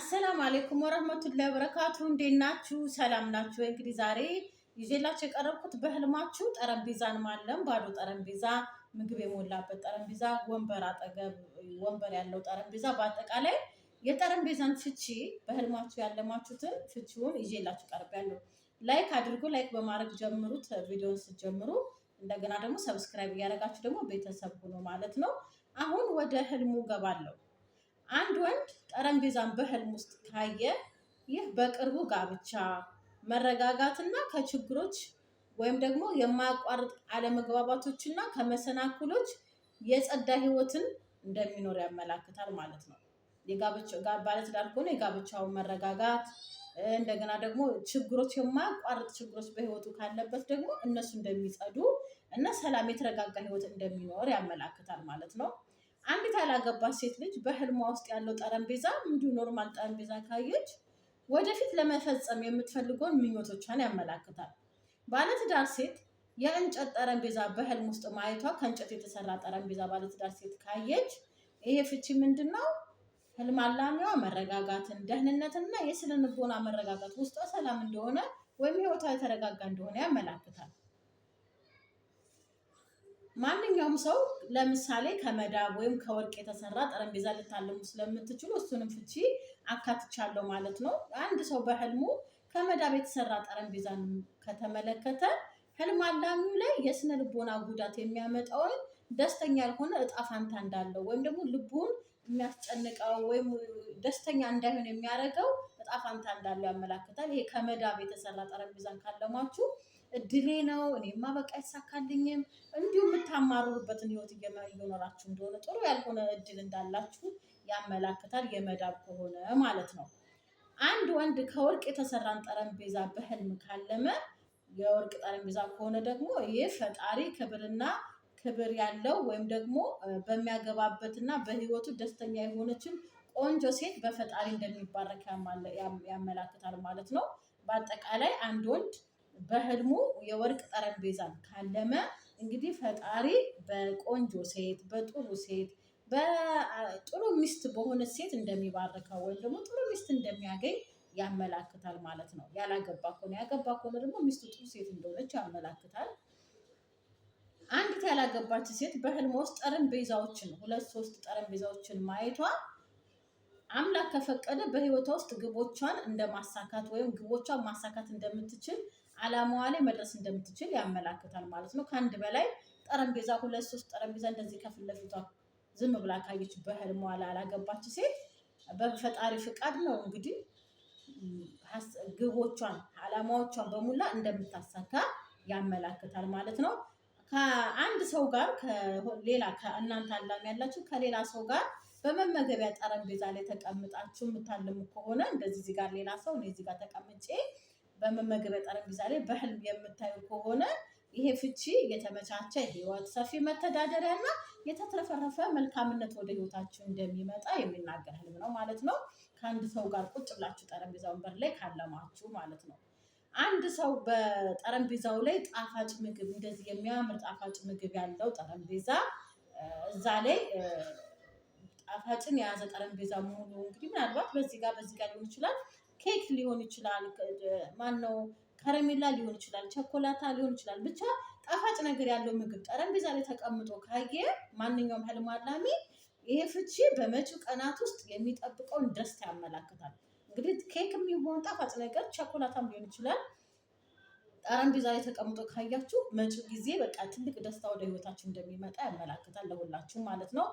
አሰላሙ አለይኩም ወረህመቱላሂ ወበረካቱ። እንዴት ናችሁ? ሰላም ናችሁ? እንግዲህ ዛሬ ይዤላችሁ የቀረብኩት በህልማችሁ ጠረጴዛን ማለም፣ ባዶ ጠረጴዛ፣ ምግብ የሞላበት ጠረጴዛ፣ ወንበር አጠገብ ወንበር ያለው ጠረጴዛ፣ በአጠቃላይ የጠረጴዛን ፍቺ በህልማችሁ ያለማችሁትን ፍቺውን ይዤላችሁ ቀርቤያለሁ። ላይክ አድርጉ፣ ላይክ በማድረግ ጀምሩት። ቪዲዮን ስትጀምሩ እንደገና ደግሞ ሰብስክራይብ እያደረጋችሁ ደግሞ ቤተሰብ ሁኑ ማለት ነው። አሁን ወደ ህልሙ ገባለሁ። አንድ ወንድ ጠረጴዛን በህልም ውስጥ ካየ ይህ በቅርቡ ጋብቻ፣ መረጋጋትና ከችግሮች ወይም ደግሞ የማያቋርጥ አለመግባባቶችና ከመሰናክሎች የጸዳ ህይወትን እንደሚኖር ያመላክታል ማለት ነው። ባለትዳር ከሆነ የጋብቻው መረጋጋት እንደገና ደግሞ ችግሮች የማያቋርጥ ችግሮች በህይወቱ ካለበት ደግሞ እነሱ እንደሚጸዱ እና ሰላም የተረጋጋ ህይወት እንደሚኖር ያመላክታል ማለት ነው። አንዲት ያላገባች ሴት ልጅ በህልሟ ውስጥ ያለው ጠረጴዛ እንዲሁ ኖርማል ጠረጴዛ ካየች ወደፊት ለመፈጸም የምትፈልገውን ምኞቶቿን ያመላክታል። ባለትዳር ሴት የእንጨት ጠረጴዛ በህልም ውስጥ ማየቷ ከእንጨት የተሰራ ጠረጴዛ ባለትዳር ሴት ካየች ይሄ ፍቺ ምንድን ነው? ህልም አላሚዋ መረጋጋትን፣ ደህንነትና የስነ ልቦና መረጋጋት ውስጧ ሰላም እንደሆነ ወይም ህይወቷ የተረጋጋ እንደሆነ ያመላክታል። ማንኛውም ሰው ለምሳሌ ከመዳብ ወይም ከወርቅ የተሰራ ጠረጴዛ ልታለሙ ስለምትችሉ እሱንም ፍቺ አካትቻለሁ ማለት ነው። አንድ ሰው በህልሙ ከመዳብ የተሰራ ጠረጴዛን ከተመለከተ ህልም አላሚው ላይ የስነ ልቦና ጉዳት የሚያመጣውን ደስተኛ ያልሆነ እጣ ፋንታ እንዳለው ወይም ደግሞ ልቡን የሚያስጨንቀው ወይም ደስተኛ እንዳይሆን የሚያደርገው እጣ ፋንታ እንዳለው ያመላክታል። ይሄ ከመዳብ የተሰራ ጠረጴዛን ካለማችሁ እድሌ ነው እኔማ በቃ አይሳካልኝም፣ እንዲሁ የምታማሩበትን ህይወት እየኖራችሁ እንደሆነ ጥሩ ያልሆነ እድል እንዳላችሁ ያመላክታል። የመዳብ ከሆነ ማለት ነው። አንድ ወንድ ከወርቅ የተሰራን ጠረጴዛ በህልም ካለመ የወርቅ ጠረጴዛ ከሆነ ደግሞ ይህ ፈጣሪ ክብርና ክብር ያለው ወይም ደግሞ በሚያገባበትና በህይወቱ ደስተኛ የሆነችን ቆንጆ ሴት በፈጣሪ እንደሚባረክ ያመላክታል ማለት ነው። በአጠቃላይ አንድ ወንድ በህልሙ የወርቅ ጠረጴዛን ካለመ እንግዲህ ፈጣሪ በቆንጆ ሴት፣ በጥሩ ሴት፣ በጥሩ ሚስት በሆነ ሴት እንደሚባርከው ወይም ደግሞ ጥሩ ሚስት እንደሚያገኝ ያመላክታል ማለት ነው። ያላገባ ከሆነ ያገባ ከሆነ ደግሞ ሚስቱ ጥሩ ሴት እንደሆነች ያመላክታል። አንዲት ያላገባች ሴት በህልም ውስጥ ጠረጴዛዎችን ሁለት ሶስት ጠረጴዛዎችን ማየቷ አምላክ ከፈቀደ በህይወቷ ውስጥ ግቦቿን እንደማሳካት ወይም ግቦቿን ማሳካት እንደምትችል አላማዋ ላይ መድረስ እንደምትችል ያመላክታል ማለት ነው። ከአንድ በላይ ጠረጴዛ፣ ሁለት ሶስት ጠረጴዛ እንደዚህ ከፊት ለፊቷ ዝም ብላ ካየች በህልሟ ላላገባች ሴት በፈጣሪ ፍቃድ ነው እንግዲህ ግቦቿን አላማዎቿን በሙላ እንደምታሳካ ያመላክታል ማለት ነው። ከአንድ ሰው ጋር ሌላ ከእናንተ አላሚ ያላችሁ ከሌላ ሰው ጋር በመመገቢያ ጠረጴዛ ላይ ተቀምጣችሁ የምታልሙ ከሆነ እንደዚህ እዚህ ጋር ሌላ ሰው እኔ እዚህ ጋር ተቀምጬ በመመገቢያ ጠረጴዛ ላይ በህልም የምታዩ ከሆነ ይሄ ፍቺ የተመቻቸ ህይወት፣ ሰፊ መተዳደሪያ እና የተትረፈረፈ መልካምነት ወደ ህይወታችሁ እንደሚመጣ የሚናገር ህልም ነው ማለት ነው። ከአንድ ሰው ጋር ቁጭ ብላችሁ ጠረጴዛ ወንበር ላይ ካለማችሁ ማለት ነው። አንድ ሰው በጠረጴዛው ላይ ጣፋጭ ምግብ እንደዚህ የሚያምር ጣፋጭ ምግብ ያለው ጠረጴዛ እዛ ላይ ጣፋጭን የያዘ ጠረጴዛ መሆኑ እንግዲህ ምናልባት በዚህ ጋር በዚህ ጋር ሊሆን ይችላል ኬክ ሊሆን ይችላል፣ ማነው ከረሜላ ሊሆን ይችላል፣ ቸኮላታ ሊሆን ይችላል። ብቻ ጣፋጭ ነገር ያለው ምግብ ጠረጴዛ ላይ ተቀምጦ ካየ ማንኛውም ህልም አላሚ ይሄ ፍቺ በመጪው ቀናት ውስጥ የሚጠብቀውን ደስታ ያመላክታል። እንግዲህ ኬክ የሚሆን ጣፋጭ ነገር ቸኮላታም ሊሆን ይችላል ጠረጴዛ ላይ ተቀምጦ ካያችሁ መጪው ጊዜ በቃ ትልቅ ደስታ ወደ ህይወታችሁ እንደሚመጣ ያመላክታል። ለሁላችሁም ማለት ነው።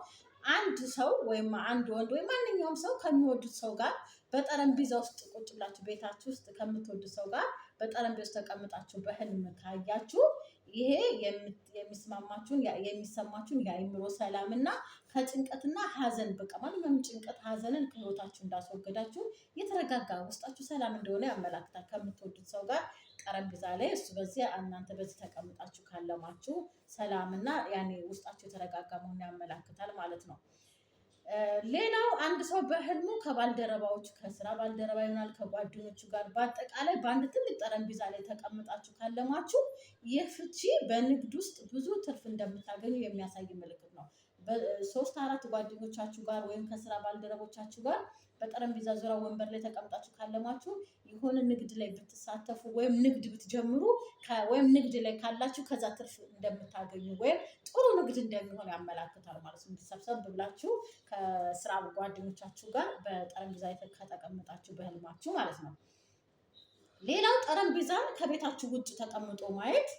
አንድ ሰው ወይም አንድ ወንድ ወይም ማንኛውም ሰው ከሚወዱት ሰው ጋር በጠረጴዛ ውስጥ ቁጭ ብላችሁ ቤታችሁ ውስጥ ከምትወዱት ሰው ጋር በጠረጴዛ ውስጥ ተቀምጣችሁ በህልም ካያችሁ ይሄ የሚስማማችሁን የሚሰማችሁን የአእምሮ ሰላም እና ከጭንቀትና ሀዘን በቃ ማንኛውም ጭንቀት ሀዘንን ከህይወታችሁ እንዳስወገዳችሁ የተረጋጋ ውስጣችሁ ሰላም እንደሆነ ያመላክታል ከምትወዱት ሰው ጋር ጠረጴዛ ላይ እሱ በዚህ እናንተ በዚህ ተቀምጣችሁ ካለማችሁ ሰላምና ያኔ ውስጣችሁ የተረጋጋ መሆን ያመላክታል ማለት ነው። ሌላው አንድ ሰው በህልሙ ከባልደረባዎቹ ከስራ ባልደረባ ይሆናል ከጓደኞቹ ጋር በአጠቃላይ በአንድ ትልቅ ጠረጴዛ ላይ ተቀምጣችሁ ካለማችሁ ይህ ፍቺ በንግድ ውስጥ ብዙ ትርፍ እንደምታገኙ የሚያሳይ ምልክት ነው። ሶስት አራት ጓደኞቻችሁ ጋር ወይም ከስራ ባልደረቦቻችሁ ጋር በጠረጴዛ ዙሪያ ወንበር ላይ ተቀምጣችሁ ካለማችሁ የሆነ ንግድ ላይ ብትሳተፉ ወይም ንግድ ብትጀምሩ ወይም ንግድ ላይ ካላችሁ ከዛ ትርፍ እንደምታገኙ ወይም ጥሩ ንግድ እንደሚሆን ያመላክታል ማለት ነው። ሰብሰብ ብላችሁ ከስራ ጓደኞቻችሁ ጋር በጠረጴዛ ከተቀምጣችሁ በህልማችሁ ማለት ነው። ሌላው ጠረጴዛን ከቤታችሁ ውጭ ተቀምጦ ማየት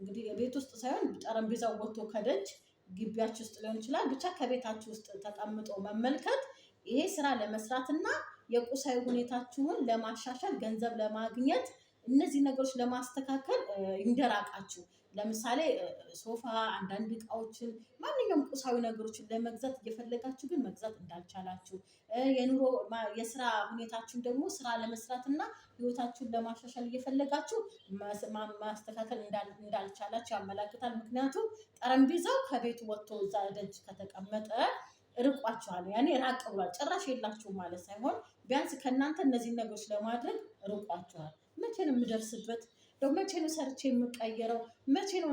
እንግዲህ የቤት ውስጥ ሳይሆን ጠረጴዛው ወጥቶ ከደጅ ግቢያችሁ ውስጥ ሊሆን ይችላል። ብቻ ከቤታችሁ ውስጥ ተቀምጦ መመልከት ይሄ ስራ ለመስራትና የቁሳዊ ሁኔታችሁን ለማሻሻል ገንዘብ ለማግኘት እነዚህ ነገሮች ለማስተካከል ይንደራቃችሁ። ለምሳሌ ሶፋ፣ አንዳንድ እቃዎችን፣ ማንኛውም ቁሳዊ ነገሮችን ለመግዛት እየፈለጋችሁ ግን መግዛት እንዳልቻላችሁ የኑሮ የስራ ሁኔታችሁን ደግሞ ስራ ለመስራት እና ህይወታችሁን ለማሻሻል እየፈለጋችሁ ማስተካከል እንዳልቻላችሁ ያመላክታል። ምክንያቱም ጠረጴዛው ከቤቱ ወጥቶ እዛ ደጅ ከተቀመጠ ርቋችኋል። ያኔ ራቅ ብሏል። ጭራሽ የላችሁ ማለት ሳይሆን ቢያንስ ከእናንተ እነዚህን ነገሮች ለማድረግ ርቋችኋል። መቼን የምደርስበት መቼ ነው ሰርቼ የምቀየረው? መቼ ነው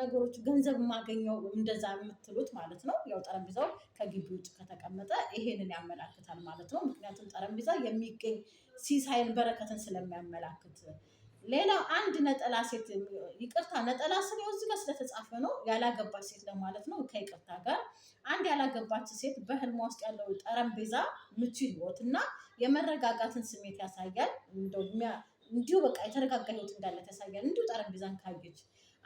ነገሮች ገንዘብ የማገኘው? እንደዛ የምትሉት ማለት ነው። ያው ጠረጴዛው ከግቢ ውጭ ከተቀመጠ ይሄንን ያመላክታል ማለት ነው። ምክንያቱም ጠረጴዛ የሚገኝ ሲሳይን በረከትን ስለሚያመላክት ሌላው አንድ ነጠላ ሴት ይቅርታ፣ ነጠላ ስን ያው እዚህ ጋር ስለተጻፈ ነው ያላገባች ሴት ለማለት ነው። ከይቅርታ ጋር አንድ ያላገባች ሴት በህልሟ ውስጥ ያለው ጠረጴዛ ምቹ ህይወት እና የመረጋጋትን ስሜት ያሳያል። እንደው እንዲሁ በቃ የተረጋጋ ህይወት እንዳለ ተሳያል። እንዲሁ ጠረጴዛን ካየች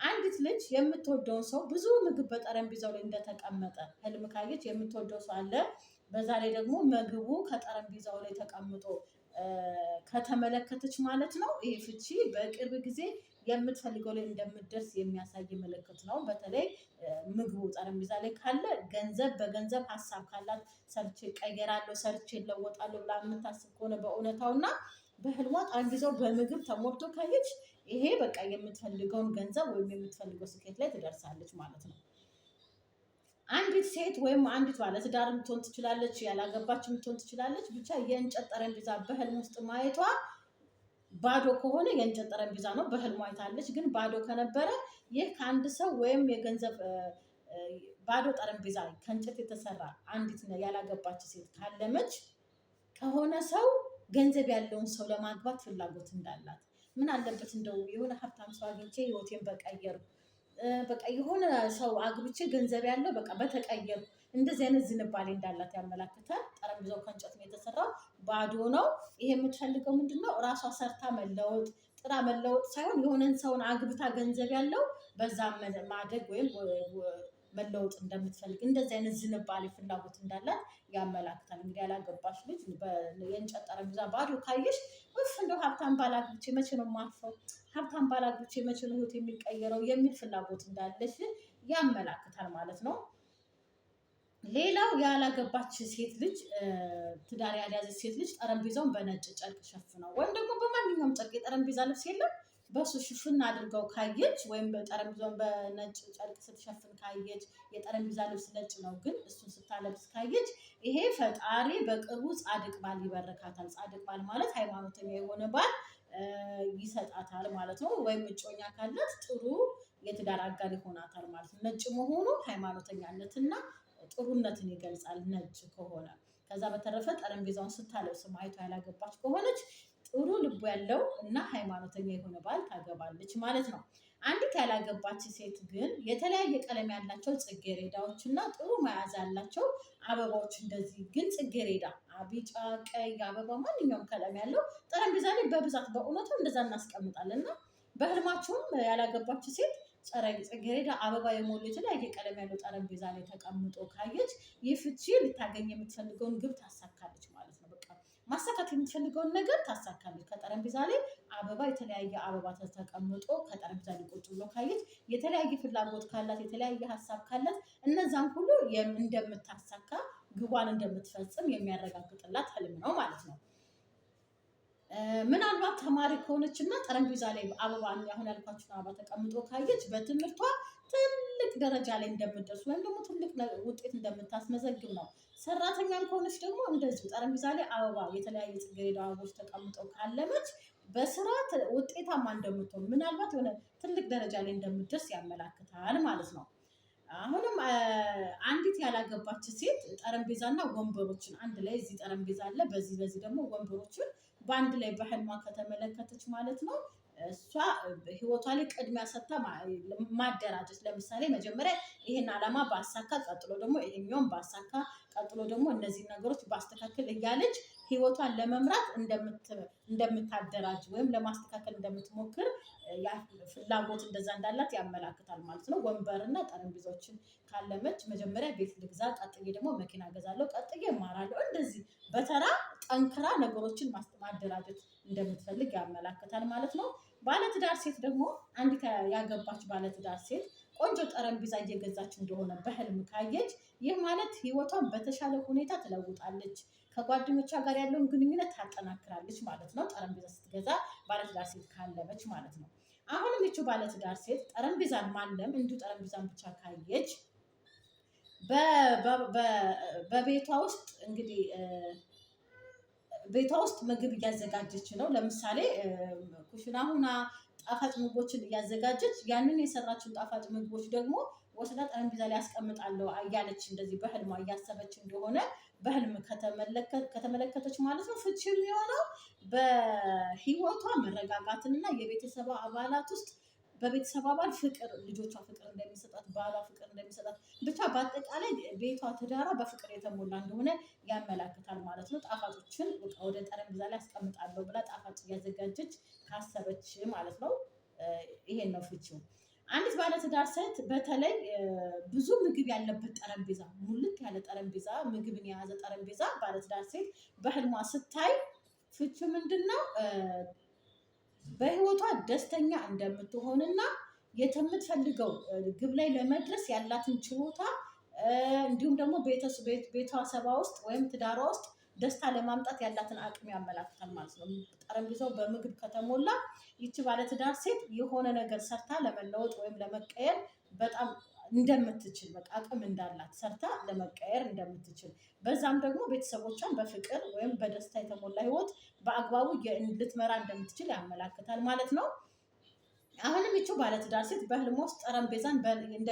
አንዲት ልጅ የምትወደውን ሰው ብዙ ምግብ በጠረጴዛው ላይ እንደተቀመጠ ህልም ካየች የምትወደው ሰው አለ። በዛ ላይ ደግሞ ምግቡ ከጠረጴዛው ላይ ተቀምጦ ከተመለከተች ማለት ነው። ይህ ፍቺ በቅርብ ጊዜ የምትፈልገው ላይ እንደምትደርስ የሚያሳይ ምልክት ነው። በተለይ ምግቡ ጠረጴዛ ላይ ካለ ገንዘብ በገንዘብ ሀሳብ ካላት ሰርቼ እቀየራለሁ፣ ሰርቼ እለወጣለሁ ብላ የምታስብ ከሆነ በእውነታውና በህልሟ አንድ በምግብ ተሞልቶ ካየች ይሄ በቃ የምትፈልገውን ገንዘብ ወይም የምትፈልገው ስኬት ላይ ትደርሳለች ማለት ነው። አንዲት ሴት ወይም አንዲት ባለትዳር ምትሆን ትችላለች፣ ያላገባች ምትሆን ትችላለች። ብቻ የእንጨት ጠረጴዛ በህልም ውስጥ ማየቷ ባዶ ከሆነ የእንጨት ጠረጴዛ ነው በህልሟ አይታለች። ግን ባዶ ከነበረ ይህ ከአንድ ሰው ወይም የገንዘብ ባዶ ጠረጴዛ ከእንጨት የተሰራ አንዲት ያላገባች ሴት ካለመች ከሆነ ሰው ገንዘብ ያለውን ሰው ለማግባት ፍላጎት እንዳላት ምን አለበት እንደው የሆነ ሀብታም ሰው አግኝቼ ህይወቴን በቀየሩ በቃ የሆነ ሰው አግብቼ ገንዘብ ያለው በቃ በተቀየሩ እንደዚህ አይነት ዝንባሌ እንዳላት ያመላክታል። ጠረጴዛው ከእንጨት ነው የተሰራው፣ ባዶ ነው። ይሄ የምትፈልገው ምንድን ነው? እራሷ ሰርታ መለወጥ ጥራ መለወጥ ሳይሆን የሆነን ሰውን አግብታ ገንዘብ ያለው በዛ ማደግ ወይም መለወጥ እንደምትፈልግ እንደዚህ አይነት ዝንባሌ ፍላጎት እንዳላት ያመላክታል። እንግዲህ ያላገባሽ ልጅ የእንጨት ጠረጴዛ ባዶ ካየሽ ውፍ እንደው ሀብታም ባላግብቼ መቼ ነው የማርፈው፣ ሀብታም ባላግብቼ መቼ ነው ህይወት የሚቀየረው የሚል ፍላጎት እንዳለሽ ያመላክታል ማለት ነው። ሌላው ያላገባች ሴት ልጅ ትዳር ያልያዘች ሴት ልጅ ጠረጴዛውን በነጭ ጨርቅ ሸፍነው ወይም ደግሞ በማንኛውም ጨርቅ የጠረጴዛ ልብስ የለም በሱ ሽፍን አድርገው ካየች ወይም ጠረጴዛውን በነጭ ጨርቅ ስትሸፍን ካየች፣ የጠረጴዛ ልብስ ነጭ ነው፣ ግን እሱን ስታለብስ ካየች ይሄ ፈጣሪ በቅርቡ ጻድቅ ባል ይበረካታል። ጻድቅ ባል ማለት ሃይማኖተኛ የሆነ ባል ይሰጣታል ማለት ነው። ወይም እጮኛ ካላት ጥሩ የትዳር አጋር ይሆናታል ማለት ነው። ነጭ መሆኑ ሃይማኖተኛነትና ጥሩነትን ይገልጻል ነጭ ከሆነ። ከዛ በተረፈ ጠረጴዛውን ስታለብስ ማየቷ ያላገባች ከሆነች ጥሩ ልቡ ያለው እና ሃይማኖተኛ የሆነ ባል ታገባለች ማለት ነው። አንዲት ያላገባች ሴት ግን የተለያየ ቀለም ያላቸው ጽጌሬዳዎች እና ጥሩ መያዝ ያላቸው አበባዎች እንደዚህ ግን ጽጌሬዳ፣ ቢጫ፣ ቀይ አበባ ማንኛውም ቀለም ያለው ጠረጴዛ ላይ በብዛት በእውነቱ እንደዛ እናስቀምጣለን እና በህልማችሁም ያላገባች ሴት ጽጌሬዳ አበባ የሞሉ የተለያየ ቀለም ያለው ጠረጴዛ ላይ ተቀምጦ ካየች ይህ ፍቺ ልታገኝ የምትፈልገውን ግብ ታሳካለች ማለት ማሳካት የምትፈልገውን ነገር ታሳካለች። ከጠረጴዛ ላይ አበባ የተለያየ አበባ ተቀምጦ ከጠረጴዛ ላይ ቁጭ ብሎ ካየች የተለያየ ፍላጎት ካላት የተለያየ ሀሳብ ካላት እነዛን ሁሉ እንደምታሳካ ግቧን እንደምትፈጽም የሚያረጋግጥላት ህልም ነው ማለት ነው። ምናልባት ተማሪ ከሆነች እና ጠረጴዛ ላይ አበባ አሁን ያልኳችሁን አበባ ተቀምጦ ካየች በትምህርቷ ትልቅ ደረጃ ላይ እንደምትደርስ ወይም ደግሞ ትልቅ ውጤት እንደምታስመዘግብ ነው ሰራተኛም ከሆነች ደግሞ እንደዚሁ ጠረጴዛ ላይ አበባ የተለያየ ጽጌረዳ አበቦች ተቀምጠው ካለመች በስራ ውጤታማ እንደምትሆን ምናልባት የሆነ ትልቅ ደረጃ ላይ እንደምትደርስ ያመላክታል ማለት ነው። አሁንም አንዲት ያላገባች ሴት ጠረጴዛና ወንበሮችን አንድ ላይ እዚህ ጠረጴዛ አለ፣ በዚህ በዚህ ደግሞ ወንበሮችን በአንድ ላይ በህልሟ ከተመለከተች ማለት ነው እሷ ህይወቷ ላይ ቅድሚያ ሰጥታ ማደራጀት። ለምሳሌ መጀመሪያ ይህን ዓላማ ባሳካ፣ ቀጥሎ ደግሞ ይሄኛውን ባሳካ ቀጥሎ ደግሞ እነዚህ ነገሮች ባስተካከል እያለች ህይወቷን ለመምራት እንደምታደራጅ ወይም ለማስተካከል እንደምትሞክር ፍላጎት እንደዛ እንዳላት ያመላክታል ማለት ነው። ወንበርና ጠረጴዛዎችን ካለመች መጀመሪያ ቤት ልግዛ፣ ቀጥዬ ደግሞ መኪና ገዛለሁ፣ ቀጥዬ እማራለሁ፣ እንደዚህ በተራ ጠንክራ ነገሮችን ማደራጀት እንደምትፈልግ ያመላክታል ማለት ነው። ባለትዳር ሴት ደግሞ አንዲት ያገባች ባለትዳር ሴት ቆንጆ ጠረጴዛ እየገዛች እንደሆነ በህልም ካየች ይህ ማለት ህይወቷን በተሻለ ሁኔታ ትለውጣለች። ከጓደኞቿ ጋር ያለውን ግንኙነት ታጠናክራለች ማለት ነው። ጠረጴዛ ስትገዛ ባለትዳር ሴት ካለመች ማለት ነው። አሁንም ይቺ ባለትዳር ሴት ጠረጴዛን ማለም እንዲሁ ጠረጴዛን ብቻ ካየች በቤቷ ውስጥ እንግዲህ ቤቷ ውስጥ ምግብ እያዘጋጀች ነው። ለምሳሌ ኩሽና ሁና ጣፋጭ ምግቦችን እያዘጋጀች ያንን የሰራችውን ጣፋጭ ምግቦች ደግሞ ወስዳ ጠረጴዛ ላይ ያስቀምጣለሁ እያለች እንደዚህ በህልሟ እያሰበች እንደሆነ በህልም ከተመለከተች ማለት ነው። ፍቺ የሚሆነው በህይወቷ መረጋጋትንና የቤተሰቧ አባላት ውስጥ በቤተሰብ አባል ፍቅር ልጆቿ ፍቅር እንደሚሰጣት ባሏ ፍቅር እንደሚሰጣት ብቻ በአጠቃላይ ቤቷ ተዳራ በፍቅር የተሞላ እንደሆነ ያመላክታል ማለት ነው። ጣፋጮችን ወደ ጠረጴዛ ላይ አስቀምጣለሁ ብላ ጣፋጭ እያዘጋጀች ካሰበች ማለት ነው። ይሄን ነው ፍቺው። አንዲት ባለትዳር ሴት በተለይ ብዙ ምግብ ያለበት ጠረጴዛ፣ ሙልክ ያለ ጠረጴዛ፣ ምግብን የያዘ ጠረጴዛ ባለትዳር ሴት በህልሟ ስታይ ፍቺው ምንድን ነው? በህይወቷ ደስተኛ እንደምትሆንና የምትፈልገው ግብ ላይ ለመድረስ ያላትን ችሎታ እንዲሁም ደግሞ ቤተሰባ ውስጥ ወይም ትዳሯ ውስጥ ደስታ ለማምጣት ያላትን አቅም ያመላክታል ማለት ነው። ጠረጴዛው በምግብ ከተሞላ ይቺ ባለትዳር ሴት የሆነ ነገር ሰርታ ለመለወጥ ወይም ለመቀየር በጣም እንደምትችል በቃ አቅም እንዳላት ሰርታ ለመቀየር እንደምትችል በዛም ደግሞ ቤተሰቦቿን በፍቅር ወይም በደስታ የተሞላ ህይወት በአግባቡ ልትመራ እንደምትችል ያመላክታል ማለት ነው። አሁንም ይቺው ባለትዳር ሴት በህልም ውስጥ ጠረጴዛን እንደ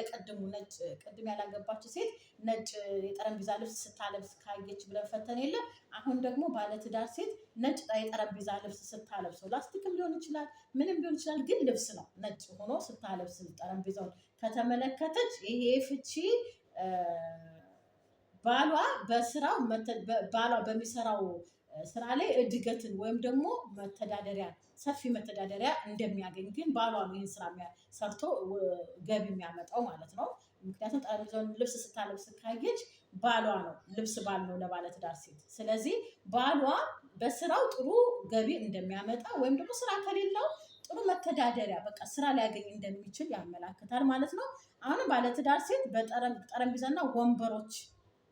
ነጭ ቅድም ያላገባችው ሴት ነጭ የጠረጴዛ ልብስ ስታለብስ ካየች ብለን ፈተን የለም። አሁን ደግሞ ባለትዳር ሴት ነጭ የጠረጴዛ ልብስ ስታለብሰው ላስቲክም ሊሆን ይችላል፣ ምንም ሊሆን ይችላል፣ ግን ልብስ ነው ነጭ ሆኖ ስታለብስ ጠረጴዛውን ከተመለከተች ይሄ ፍቺ ባሏ በስራው ባሏ በሚሰራው ስራ ላይ እድገትን ወይም ደግሞ መተዳደሪያ ሰፊ መተዳደሪያ እንደሚያገኝ ግን ባሏ ነው ይህን ስራ ሰርቶ ገቢ የሚያመጣው ማለት ነው። ምክንያቱም ጠረጴዛውን ልብስ ስታለብስ ካየች ባሏ ነው ልብስ ባል ነው ለባለትዳር ሴት። ስለዚህ ባሏ በስራው ጥሩ ገቢ እንደሚያመጣ ወይም ደግሞ ስራ ከሌለው ጥሩ መተዳደሪያ በቃ ስራ ሊያገኝ እንደሚችል ያመላክታል ማለት ነው። አሁንም ባለትዳር ሴት በጠረጴዛና ወንበሮች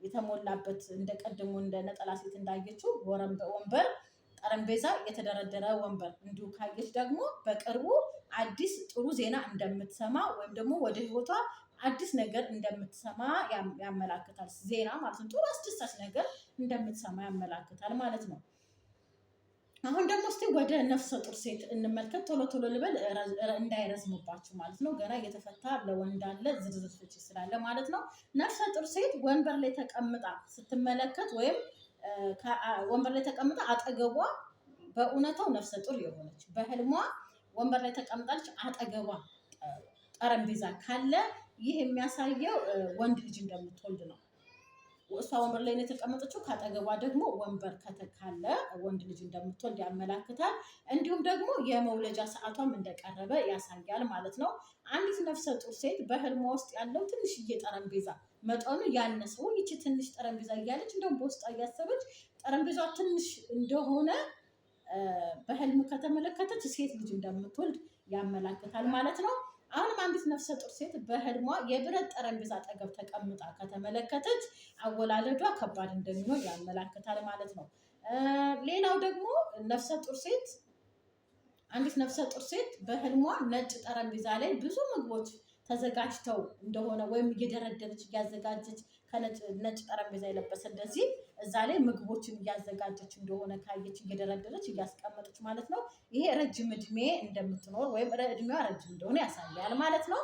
የተሞላበት እንደ ቀድሞ እንደ ነጠላ ሴት እንዳየችው ወንበር ጠረጴዛ የተደረደረ ወንበር እንዲሁ ካየች ደግሞ በቅርቡ አዲስ ጥሩ ዜና እንደምትሰማ ወይም ደግሞ ወደ ህይወቷ አዲስ ነገር እንደምትሰማ ያመላክታል። ዜና ማለት ነው። ጥሩ አስደሳች ነገር እንደምትሰማ ያመላክታል ማለት ነው። አሁን ደግሞ እስቲ ወደ ነፍሰ ጡር ሴት እንመልከት። ቶሎ ቶሎ ልበል እንዳይረዝምባቸው ማለት ነው። ገና እየተፈታ ለወንድ አለ ዝርዝር ፍቺ ስላለ ማለት ነው። ነፍሰ ጡር ሴት ወንበር ላይ ተቀምጣ ስትመለከት ወይም ወንበር ላይ ተቀምጣ አጠገቧ በእውነታው ነፍሰ ጡር የሆነች በህልሟ ወንበር ላይ ተቀምጣለች፣ አጠገቧ ጠረጴዛ ካለ ይህ የሚያሳየው ወንድ ልጅ እንደምትወልድ ነው። እሷ ወንበር ላይ ነው የተቀመጠችው። ካጠገቧ ደግሞ ወንበር ከተካለ ወንድ ልጅ እንደምትወልድ ያመላክታል። እንዲሁም ደግሞ የመውለጃ ሰዓቷም እንደቀረበ ያሳያል ማለት ነው። አንዲት ነፍሰ ጡር ሴት በህልሟ ውስጥ ያለው ትንሽዬ ጠረጴዛ መጠኑ ያነሰው ይቺ ትንሽ ጠረጴዛ እያለች እንደውም በውስጧ እያሰበች ጠረጴዛ ትንሽ እንደሆነ በህልም ከተመለከተች ሴት ልጅ እንደምትወልድ ያመላክታል ማለት ነው። አሁንም አንዲት ነፍሰ ጡር ሴት በህልሟ የብረት ጠረጴዛ አጠገብ ተቀምጣ ከተመለከተች አወላለዷ ከባድ እንደሚሆን ያመላክታል ማለት ነው። ሌላው ደግሞ ነፍሰ ጡር ሴት አንዲት ነፍሰ ጡር ሴት በህልሟ ነጭ ጠረጴዛ ላይ ብዙ ምግቦች ተዘጋጅተው እንደሆነ ወይም እየደረደረች እያዘጋጀች ከነጭ ጠረጴዛ የለበሰ እንደዚህ እዛ ላይ ምግቦችን እያዘጋጀች እንደሆነ ካየች እየደረደረች እያስቀመጠች ማለት ነው። ይሄ ረጅም እድሜ እንደምትኖር ወይም እድሜዋ ረጅም እንደሆነ ያሳያል ማለት ነው።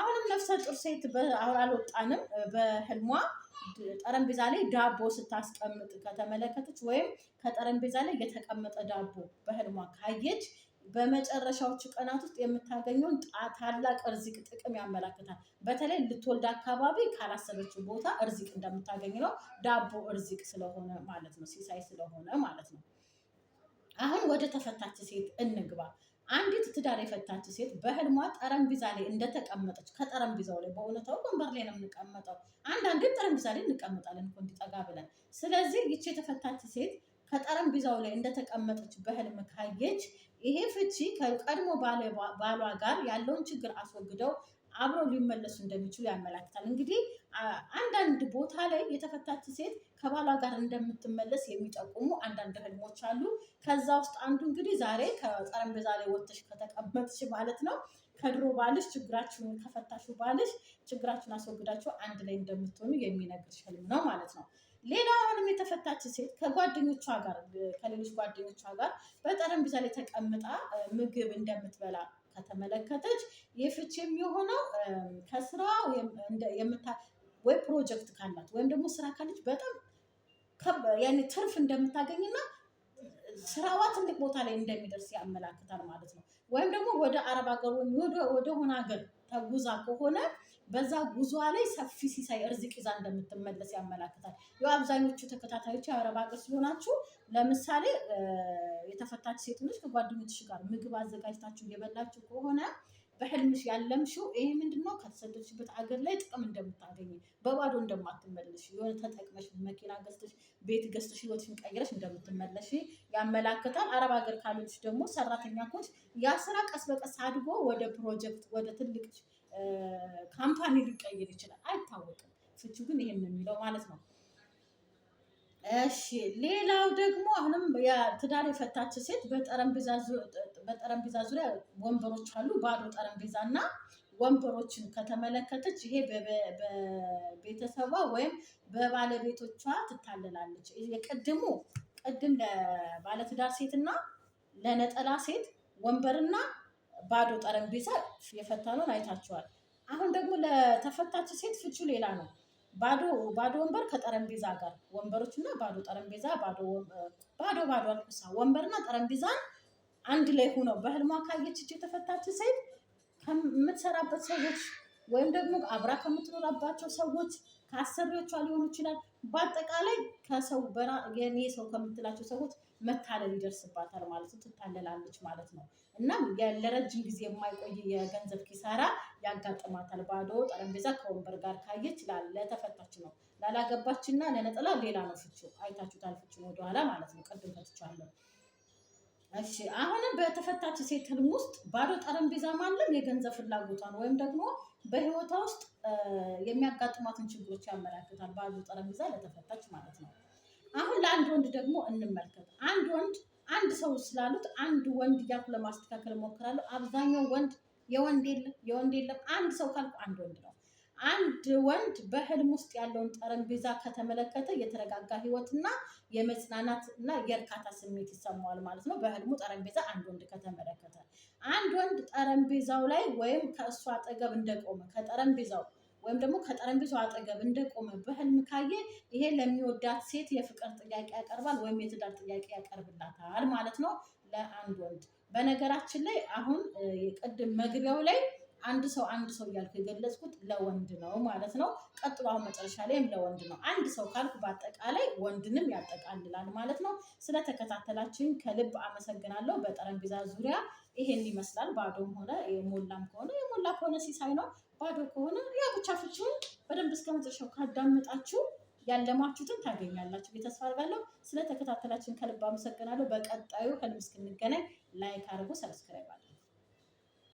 አሁንም ነፍሰ ጡር ሴት አልወጣንም በህልሟ ጠረጴዛ ላይ ዳቦ ስታስቀምጥ ከተመለከተች ወይም ከጠረጴዛ ላይ የተቀመጠ ዳቦ በህልሟ ካየች በመጨረሻዎቹ ቀናት ውስጥ የምታገኘውን ታላቅ እርዚቅ ጥቅም ያመላክታል። በተለይ ልትወልድ አካባቢ ካላሰበችው ቦታ እርዚቅ እንደምታገኝ ነው። ዳቦ እርዚቅ ስለሆነ ማለት ነው፣ ሲሳይ ስለሆነ ማለት ነው። አሁን ወደ ተፈታች ሴት እንግባ። አንዲት ትዳር የፈታች ሴት በህልሟ ጠረጴዛ ላይ እንደተቀመጠች ከጠረጴዛው ላይ በእውነታው ወንበር ላይ ነው የምንቀመጠው። አንዳንዴ ጠረጴዛ ላይ እንቀመጣለን እኮ እንዲጠጋ ብለን። ስለዚህ ይቺ የተፈታች ሴት ከጠረጴዛው ላይ እንደተቀመጠች በህልም ካየች ይሄ ፍቺ ከቀድሞ ባሏ ጋር ያለውን ችግር አስወግደው አብረው ሊመለሱ እንደሚችሉ ያመላክታል። እንግዲህ አንዳንድ ቦታ ላይ የተፈታች ሴት ከባሏ ጋር እንደምትመለስ የሚጠቁሙ አንዳንድ ህልሞች አሉ። ከዛ ውስጥ አንዱ እንግዲህ ዛሬ ከጠረጴዛ ላይ ወጥተሽ ከተቀመጥሽ ማለት ነው ከድሮ ባልሽ ችግራችሁን ከፈታሹ ባልሽ ችግራችሁን አስወግዳችሁ አንድ ላይ እንደምትሆኑ የሚነግርሽ ህልም ነው ማለት ነው። ሌላ አሁንም የተፈታች ሴት ከጓደኞቿ ጋር ከሌሎች ጓደኞቿ ጋር በጠረጴዛ ላይ ተቀምጣ ምግብ እንደምትበላ ከተመለከተች የፍች የሚሆነው ከስራ ወይ ፕሮጀክት ካላት ወይም ደግሞ ስራ ካለች በጣም ያኔ ትርፍ እንደምታገኝና ስራዋ ትልቅ ቦታ ላይ እንደሚደርስ ያመላክታል ማለት ነው። ወይም ደግሞ ወደ አረብ ሀገር ወይም ወደ ሆነ ሀገር ተጉዛ ከሆነ በዛ ጉዟ ላይ ሰፊ ሲሳይ እርዝቅ ይዛ እንደምትመለስ ያመላክታል። ያው አብዛኞቹ ተከታታዮች የአረብ ሀገር ስለሆናችሁ ለምሳሌ የተፈታች ሴት ልጅ ከጓደኞችሽ ጋር ምግብ አዘጋጅታችሁ እየበላችሁ ከሆነ በህልምሽ ያለምሽው ይሄ ምንድነው ከተሰደድሽበት አገር ላይ ጥቅም እንደምታገኝ በባዶ እንደማትመለሽ የሆነ ተጠቅመሽ መኪና ገዝተሽ ቤት ገዝተሽ ህይወትሽን ቀይረሽ እንደምትመለሽ ያመላክታል። አረብ ሀገር ካሉች ደግሞ ሰራተኛ ኮች ያ ስራ ቀስ በቀስ አድጎ ወደ ፕሮጀክት ወደ ትልቅ ካምፓኒ ሊቀይር ይችላል፣ አይታወቅም። ፍቺው ግን ይሄን የሚለው ማለት ነው። እሺ ሌላው ደግሞ አሁንም ትዳር የፈታች ሴት በጠረጴዛ ዙሪያ ወንበሮች አሉ። ባዶ ጠረጴዛ እና ወንበሮችን ከተመለከተች ይሄ በቤተሰቧ ወይም በባለቤቶቿ ትታለላለች። የቅድሙ ቅድም ለባለትዳር ሴትና ለነጠላ ሴት ወንበርና ባዶ ጠረጴዛ ነውን አይታችኋል። አሁን ደግሞ ለተፈታች ሴት ፍቹ ሌላ ነው። ባዶ ባዶ ወንበር ከጠረጴዛ ጋር ወንበሮች እና ባዶ ጠረጴዛ ባዶ ባዶ ባዶ አልኩሳ ወንበርና ጠረጴዛን አንድ ላይ ሆነው በህልሟ ካየች እጅ የተፈታች ሴት ከምትሰራበት ሰዎች ወይም ደግሞ አብራ ከምትኖራባቸው ሰዎች ከአሰሪዎቿ ሊሆኑ ይችላል። በአጠቃላይ ከሰው የኔ ሰው ከምትላቸው ሰዎች መታለል ይደርስባታል ማለት ነው። ትታለላለች ማለት ነው። እናም ለረጅም ጊዜ የማይቆይ የገንዘብ ኪሳራ ያጋጥማታል። ባዶ ጠረጴዛ ከወንበር ጋር ካየች ለተፈታች ነው። ላላገባችና ለነጠላ ሌላ ነው ፍቺው። አይታችሁታል ፍቺውን ወደኋላ ማለት ነው። ቅድም ፈትቻለሁ። እሺ አሁንም በተፈታች ሴት ህልም ውስጥ ባዶ ጠረጴዛ ማለም የገንዘብ ፍላጎቷን ወይም ደግሞ በህይወቷ ውስጥ የሚያጋጥሟትን ችግሮች ያመላክታል። ባዶ ጠረጴዛ ለተፈታች ማለት ነው። አሁን ለአንድ ወንድ ደግሞ እንመልከት። አንድ ወንድ አንድ ሰው ስላሉት አንድ ወንድ እያልኩ ለማስተካከል እሞክራለሁ። አብዛኛው ወንድ የወንድ የለም የወንድ የለም አንድ ሰው ካልኩ አንድ ወንድ ነው። አንድ ወንድ በህልም ውስጥ ያለውን ጠረጴዛ ከተመለከተ የተረጋጋ ህይወትና የመጽናናት እና የእርካታ ስሜት ይሰማዋል ማለት ነው። በህልሙ ጠረጴዛ አንድ ወንድ ከተመለከተ አንድ ወንድ ጠረጴዛው ላይ ወይም ከእሱ አጠገብ እንደቆመ ከጠረጴዛው ወይም ደግሞ ከጠረጴዛው አጠገብ እንደቆመ በህልም ካየ ይሄ ለሚወዳት ሴት የፍቅር ጥያቄ ያቀርባል ወይም የትዳር ጥያቄ ያቀርብላታል ማለት ነው። ለአንድ ወንድ በነገራችን ላይ አሁን ቅድም መግቢያው ላይ አንድ ሰው አንድ ሰው እያልኩ የገለጽኩት ለወንድ ነው ማለት ነው። ቀጥሎ አሁን መጨረሻ ላይም ለወንድ ነው። አንድ ሰው ካልኩ በአጠቃላይ ወንድንም ያጠቃልላል ማለት ነው። ስለተከታተላችን ከልብ አመሰግናለሁ። በጠረጴዛ ዙሪያ ይሄን ይመስላል። ባዶም ሆነ የሞላም ከሆነ የሞላ ከሆነ ሲሳይ ነው። ባዶ ከሆነ ያ ብቻ ፍቺውን በደንብ እስከ መጨረሻው ካዳመጣችሁ ያለማችሁትን ታገኛላችሁ። ተስፋ አድርጋለሁ። ስለተከታተላችን ከልብ አመሰግናለሁ። በቀጣዩ ከልብ እስክንገናኝ ላይክ አድርጉ፣ ሰብስክራይብ